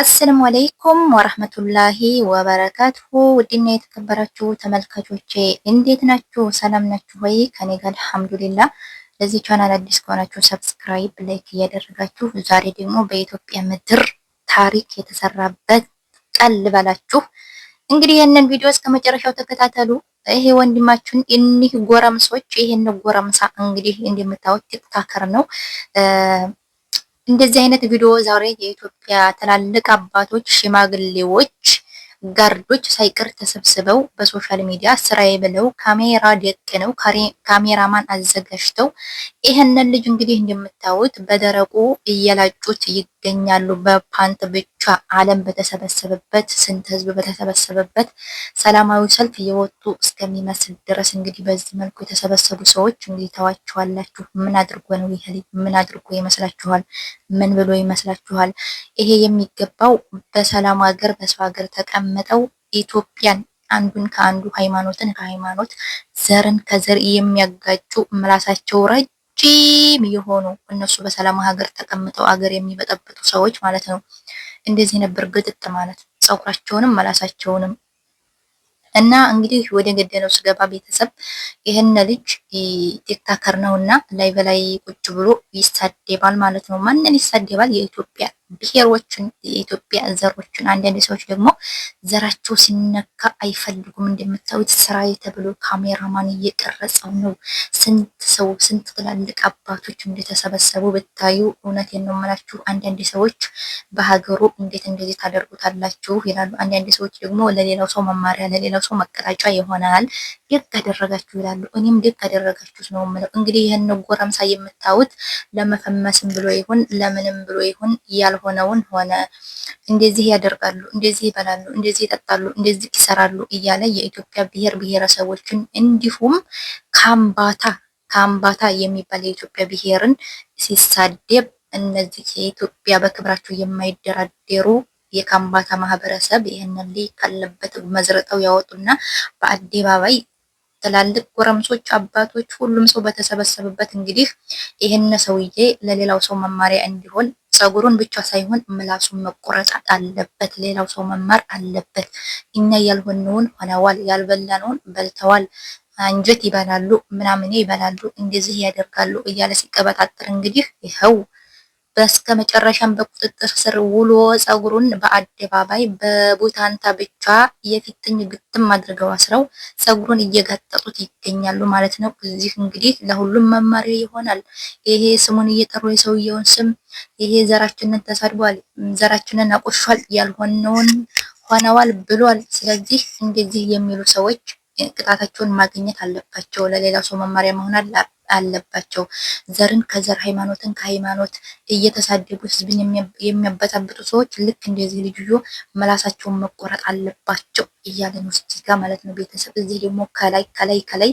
አሰላሙ አለይኩም ወረህመቱላሂ ወበረካቱሁ ውድና የተከበራችሁ ተመልካቾቼ እንዴት ናችሁ? ሰላም ናችሁ ወይ? ከኔ ጋር አልሐምዱሊላ። ለዚህ ቻናል አዲስ ከሆናችሁ ሰብስክራይብ፣ ላይክ እያደረጋችሁ ዛሬ ደግሞ በኢትዮጵያ ምድር ታሪክ የተሰራበት ቀን ልበላችሁ። እንግዲህ ይህንን ቪዲዮ እስከ መጨረሻው ተከታተሉ። ይሄ ወንድማችን እኒህ ጎረምሶች ይህን ጎረምሳ እንግዲህ እንደምታዩት ቲክታከር ነው እንደዚህ አይነት ቪዲዮ ዛሬ የኢትዮጵያ ትላልቅ አባቶች፣ ሽማግሌዎች፣ ጋርዶች ሳይቀር ተሰብስበው በሶሻል ሚዲያ ስራዬ ብለው ካሜራ ደቅነው ካሜራማን አዘጋጅተው ይህንን ልጅ እንግዲህ እንደምታዩት በደረቁ እየላጩት ይገኛሉ። በፓንት ብቻ ዓለም በተሰበሰበበት ስንት ህዝብ በተሰበሰበበት ሰላማዊ ሰልፍ እየወጡ እስከሚመስል ድረስ እንግዲህ በዚህ መልኩ የተሰበሰቡ ሰዎች እንግዲህ ተዋችኋላችሁ። ምን አድርጎ ነው ይሄ? ምን አድርጎ ይመስላችኋል? ምን ብሎ ይመስላችኋል? ይሄ የሚገባው በሰላም ሀገር በሰው ሀገር ተቀምጠው ኢትዮጵያን አንዱን ከአንዱ ሃይማኖትን ከሃይማኖት ዘርን ከዘር የሚያጋጩ ምላሳቸው ረጅ ጂም የሆኑ እነሱ በሰላም ሀገር ተቀምጠው ሀገር የሚበጠብጡ ሰዎች ማለት ነው። እንደዚህ ነበር ግጥጥ ማለት ጸጉራቸውንም መላሳቸውንም እና እንግዲህ ወደ ገደለው ስገባ ቤተሰብ ይህን ልጅ ቲክታከር ነው እና ላይ በላይ ቁጭ ብሎ ይሳደባል ማለት ነው። ማንን ይሳደባል? የኢትዮጵያ ብሄሮችን የኢትዮጵያ ዘሮችን አንዳንድ ሰዎች ደግሞ ዘራቸው ሲነካ አይፈልጉም። እንደምታዩት ስራዬ ተብሎ ካሜራማን እየቀረጸው ነው። ስንት ሰው ስንት ትላልቅ አባቶች እንደተሰበሰቡ ብታዩ እውነት ነው የምላችሁ። አንዳንድ ሰዎች በሀገሩ እንዴት እንደዚህ ታደርጉታላችሁ ይላሉ። አንዳንድ ሰዎች ደግሞ ለሌላው ሰው መማሪያ፣ ለሌላው ሰው መቀጣጫ ይሆናል ደግ አደረጋችሁ ይላሉ። እኔም ደግ አደረጋችሁት ነው የምለው። እንግዲህ ይህን ጎረምሳ የምታዩት ለመፈመስም ብሎ ይሁን ለምንም ብሎ ይሁን ያልሆነ ያልሆነውን ሆነ፣ እንደዚህ ያደርጋሉ፣ እንደዚህ ይበላሉ፣ እንደዚህ ይጠጣሉ፣ እንደዚህ ይሰራሉ እያለ የኢትዮጵያ ብሔር ብሔረሰቦችን እንዲሁም ካምባታ ካምባታ የሚባል የኢትዮጵያ ብሔርን ሲሳደብ እነዚህ የኢትዮጵያ በክብራቸው የማይደራደሩ የካምባታ ማህበረሰብ ይህን ልይ ካለበት መዝረጠው ያወጡና በአደባባይ ትላልቅ ጎረምሶች፣ አባቶች፣ ሁሉም ሰው በተሰበሰበበት እንግዲህ ይህን ሰውዬ ለሌላው ሰው መማሪያ እንዲሆን ጸጉሩን ብቻ ሳይሆን ምላሱን መቆረጥ አለበት። ሌላው ሰው መማር አለበት። እኛ ያልሆነውን ሆነዋል፣ ያልበላነውን በልተዋል፣ አንጀት ይበላሉ፣ ምናምን ይበላሉ፣ እንደዚህ ያደርጋሉ እያለ ሲቀበጣጠር እንግዲህ ይኸው በስተመጨረሻም በቁጥጥር ስር ውሎ ፀጉሩን በአደባባይ በቡታንታ ብቻ የፊትኝ ግጥም አድርገው አስረው ፀጉሩን እየጋጠጡት ይገኛሉ ማለት ነው። እዚህ እንግዲህ ለሁሉም መማሪያ ይሆናል። ይሄ ስሙን እየጠሩ የሰውየውን ስም ይሄ ዘራችንን ተሳድቧል፣ ዘራችንን አቆሿል፣ ያልሆነውን ሆነዋል ብሏል። ስለዚህ እንደዚህ የሚሉ ሰዎች ቅጣታቸውን ማግኘት አለባቸው። ለሌላ ሰው መማሪያ መሆን አለ አለባቸው። ዘርን ከዘር ሃይማኖትን ከሃይማኖት እየተሳደቡ ህዝብን የሚያበጣብጡ ሰዎች ልክ እንደዚህ ልጅዮ መላሳቸውን መቆረጥ አለባቸው እያለ ነው እዚህ ጋ ማለት ነው ቤተሰብ። እዚህ ደግሞ ከላይ ከላይ ከላይ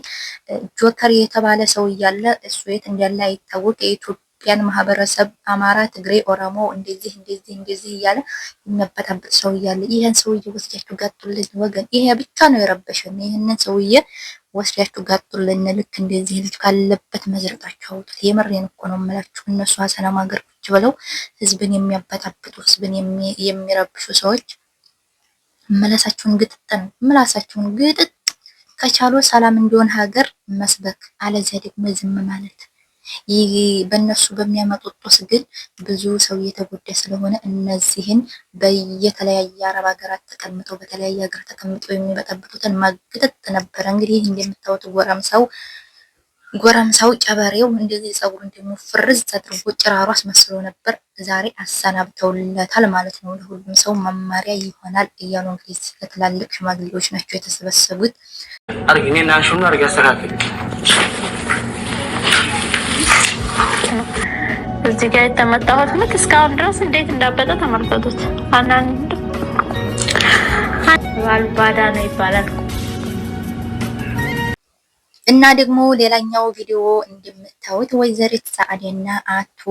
ጆከር የተባለ ሰው እያለ እሱ የት እንዳለ አይታወቅ የኢትዮጵያን ማህበረሰብ አማራ፣ ትግሬ፣ ኦሮሞ እንደዚህ እንደዚህ እንደዚህ እያለ የሚያበጣብጥ ሰው እያለ ይህን ሰውዬ ወስዳችሁ ጋጡልን ወገን። ይሄ ብቻ ነው የረበሸን። ይህንን ሰውዬ ወስዳችሁ ጋጡልን። ልክ እንደዚህ ልጅ ካለበት መዝረጣችሁ አውጡት። የምሬን እኮ ነው የምላችሁ። እነሱ ሰላም ሀገር ቁጭ ብለው ህዝብን የሚያበጣብጡ ህዝብን የሚረብሹ ሰዎች ምላሳችሁን ግጥጥ ነው ምላሳችሁን ግጥጥ ከቻሉ ሰላም እንዲሆን ሀገር መስበክ፣ አለዚያ ደግሞ ዝም ማለት በእነሱ በሚያመጡት ጦስ ግን ብዙ ሰው እየተጎዳ ስለሆነ እነዚህን በየተለያየ አረብ ሀገራት ተቀምጠው በተለያየ ሀገር ተቀምጠው የሚበጠብጡትን ማግጠጥ ነበረ። እንግዲህ ይህ እንደምታዩት ጎረምሳው ጎረምሳው ጨበሬው እንደዚህ ጸጉር ደግሞ ፍርዝ አድርጎ ጭራሮ አስመስሎ ነበር። ዛሬ አሰናብተውለታል ማለት ነው። ለሁሉም ሰው መማሪያ ይሆናል እያሉ እንግዲህ ስለትላልቅ ሽማግሌዎች ናቸው የተሰበሰቡት። ነው እዚህ ጋር የተመጣሁት ልክ እስካሁን ድረስ እንዴት እንዳበጠ ተመልከቱት። አንዳንድ ባልባዳ ነው ይባላል። እና ደግሞ ሌላኛው ቪዲዮ እንደምታዩት ወይዘሪት ሰዓዴና አቶ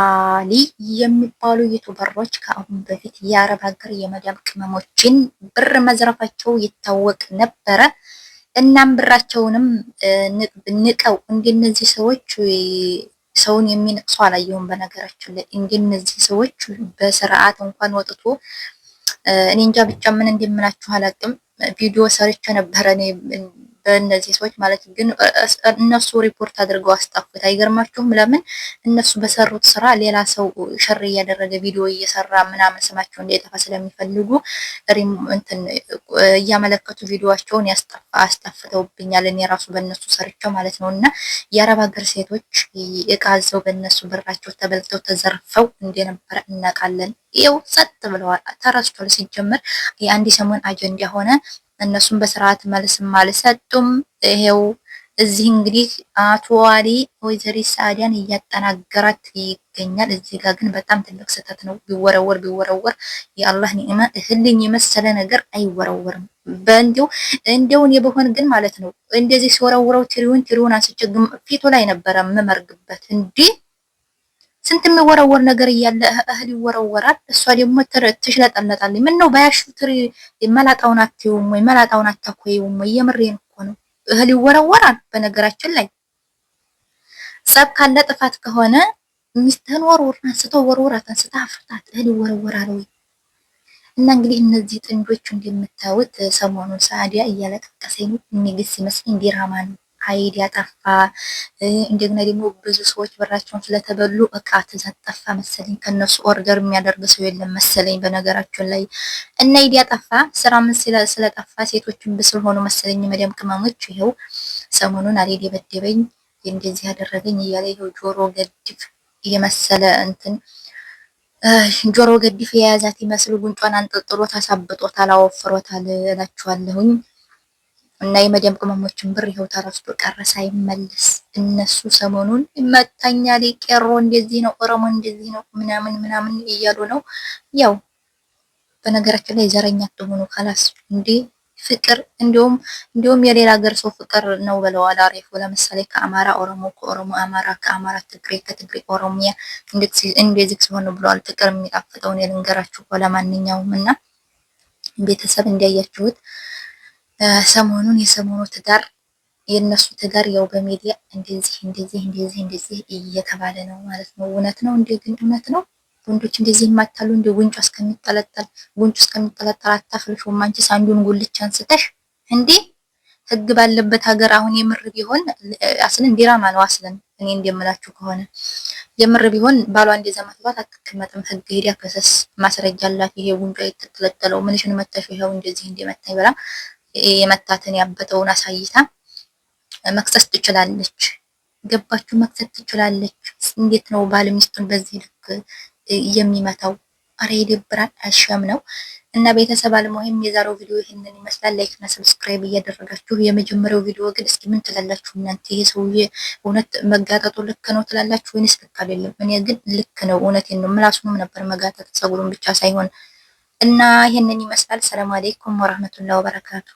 አሊ የሚባሉ ዩቱበሮች ከአሁን በፊት የአረብ ሀገር የመዳብ ቅመሞችን ብር መዝረፋቸው ይታወቅ ነበረ። እናም ብራቸውንም ንቀው እንደነዚህ ሰዎች ሰውን የሚነቅሱ አላየውም። በነገራችን ላይ እንግዲህ እነዚህ ሰዎች በስርዓት እንኳን ወጥቶ እኔ እንጃ ብቻ ምን እንደምላችሁ አላቅም። ቪዲዮ ሰርቼ ነበረ እኔ እነዚህ ሰዎች ማለት ግን እነሱ ሪፖርት አድርገው አስጠፉት። አይገርማችሁም? ለምን እነሱ በሰሩት ስራ ሌላ ሰው ሸር እያደረገ ቪዲዮ እየሰራ ምናምን ስማቸው እንዲጠፋ ስለሚፈልጉ እንትን እያመለከቱ ቪዲዮቸውን አስጠፍተውብኛል። እኔ ራሱ በእነሱ ሰርቸው ማለት ነው። እና የአረብ ሀገር ሴቶች ዘው በእነሱ ብራቸው ተበልተው ተዘርፈው እንደነበረ እናውቃለን። ይኸው ጸጥ ብለዋል። ተረስቷል። ሲጀምር የአንድ ሰሞን አጀንዳ ሆነ። እነሱም በስርዓት መልስም አልሰጡም። ይሄው እዚህ እንግዲህ አቶ ዋሊ ወይዘሪት እያጠናገራት ይገኛል። እዚህ ጋር ግን በጣም ትልቅ ስህተት ነው። ቢወረወር ቢወረወር የአላህ ኒዕማ እህልኝ የመሰለ ነገር አይወረወርም። በእንዲው እንደውን የበሆን ግን ማለት ነው እንደዚህ ሲወረውረው ትሪውን ትሪውን አንስቼ ፊቱ ላይ ነበረ የምመርግበት እንዲህ ስንት የሚወረወር ነገር እያለ እህል ይወረወራል። እሷ ደግሞ ትሽለጠለጣለች። ምን ነው ባያሹ ትሪ መላጣውን አትይውም ወይ መላጣውን አታኮይውም ወይ? የምሬን እኮ ነው። እህል ይወረወራል። በነገራችን ላይ ጸብ ካለ ጥፋት ከሆነ ሚስትህን ወርውር፣ አንስተው ወርውራት፣ አንስተህ አፍርታት። እህል ይወረወራል ወይ? እና እንግዲህ እነዚህ ጥንዶቹ እንደምታዩት ሰሞኑን ሳዲያ እያለቀቀሰኝ ንግስ ይመስለኝ ዲራማ ነው። ሀይል ያጠፋ እንደገና ደግሞ ብዙ ሰዎች በራቸውን ስለተበሉ እቃ ትእዛዝ ጠፋ መሰለኝ። ከነሱ ኦርደር የሚያደርግ ሰው የለም መሰለኝ በነገራችን ላይ እና ሂድ ያጠፋ ስራ ምን ስለጠፋ ሴቶችን ብስል ሆኑ መሰለኝ መዲያም ቅመሞች። ይኸው ሰሞኑን አልሄድ የበደበኝ እንደዚህ ያደረገኝ እያለ ይኸው ጆሮ ገድፍ የመሰለ እንትን ጆሮ ገድፍ የያዛት ይመስል ጉንጯን አንጠልጥሎ ታሳብጦታል፣ አወፍሮታል እላችኋለሁኝ። እና የመዲያም ቅመሞችን ብር ይኸው ተረፍቶ ቀረ ሳይመለስ። እነሱ ሰሞኑን ይመታኛል፣ ቄሮ እንደዚህ ነው፣ ኦሮሞ እንደዚህ ነው፣ ምናምን ምናምን እያሉ ነው። ያው በነገራችን ላይ ዘረኛ አትሆኑ ካላስ እንዴ ፍቅር እንዲሁም እንዲሁም የሌላ ሀገር ሰው ፍቅር ነው ብለዋል አሪፉ። ለምሳሌ ከአማራ ኦሮሞ፣ ከኦሮሞ አማራ፣ ከአማራ ትግሬ፣ ከትግሬ ኦሮሚያ እንደዚህ ሲሆን ብለዋል። ፍቅር የሚጣፍጠውን የልንገራችሁ ለማንኛውም እና ቤተሰብ እንዲያያችሁት ሰሞኑን የሰሞኑ ትዳር የእነሱ ትዳር ያው በሚዲያ እንደዚህ እንደዚህ እንደዚህ እንደዚህ እየተባለ ነው ማለት ነው። እውነት ነው እንዴ? ግን እውነት ነው። ወንዶች እንደዚህ የማታሉ እንደ ጉንጩ እስከሚጠለጠል ጉንጩ እስከሚጠለጠል አታፍልሽውም አንቺስ አንዱን ጉልቻ አንስተሽ እንዴ! ህግ ባለበት ሀገር አሁን የምር ቢሆን አስልን ዲራማ ነው። አስልን እኔ እንደምላችሁ ከሆነ የምር ቢሆን ባሏ እንደዛ ማትባት አትቀመጥም። ህግ ሄዳ ከሰስ ማስረጃ አላት። ይሄ ጉንጯ የተጠለጠለው ምንሽን መተሽ ይኸው እንደዚህ እንደመታ ይበላ የመታትን ያበጠውን አሳይታ መክሰስ ትችላለች። ገባችሁ? መክሰስ ትችላለች። እንዴት ነው ባል ሚስቱን በዚህ ልክ የሚመታው? አረ ይደብራል። አሸም ነው እና ቤተሰብ አልሞሄም የዛሬው ቪዲዮ ይህንን ይመስላል። ላይክ እና ሰብስክራይብ እያደረጋችሁ የመጀመሪያው ቪዲዮ ግን እስኪ ምን ትላላችሁ እናንተ? ይሄ ሰውዬ እውነት መጋጠጡ ልክ ነው ትላላችሁ ወይንስ ልክ አይደለም? እኔ ግን ልክ ነው፣ እውነቴን ነው። ምላሱንም ነበር መጋጠጥ፣ ጸጉሩን ብቻ ሳይሆን እና ይህንን ይመስላል። ሰላም አለይኩም ወራህመቱላሂ ወበረካቱ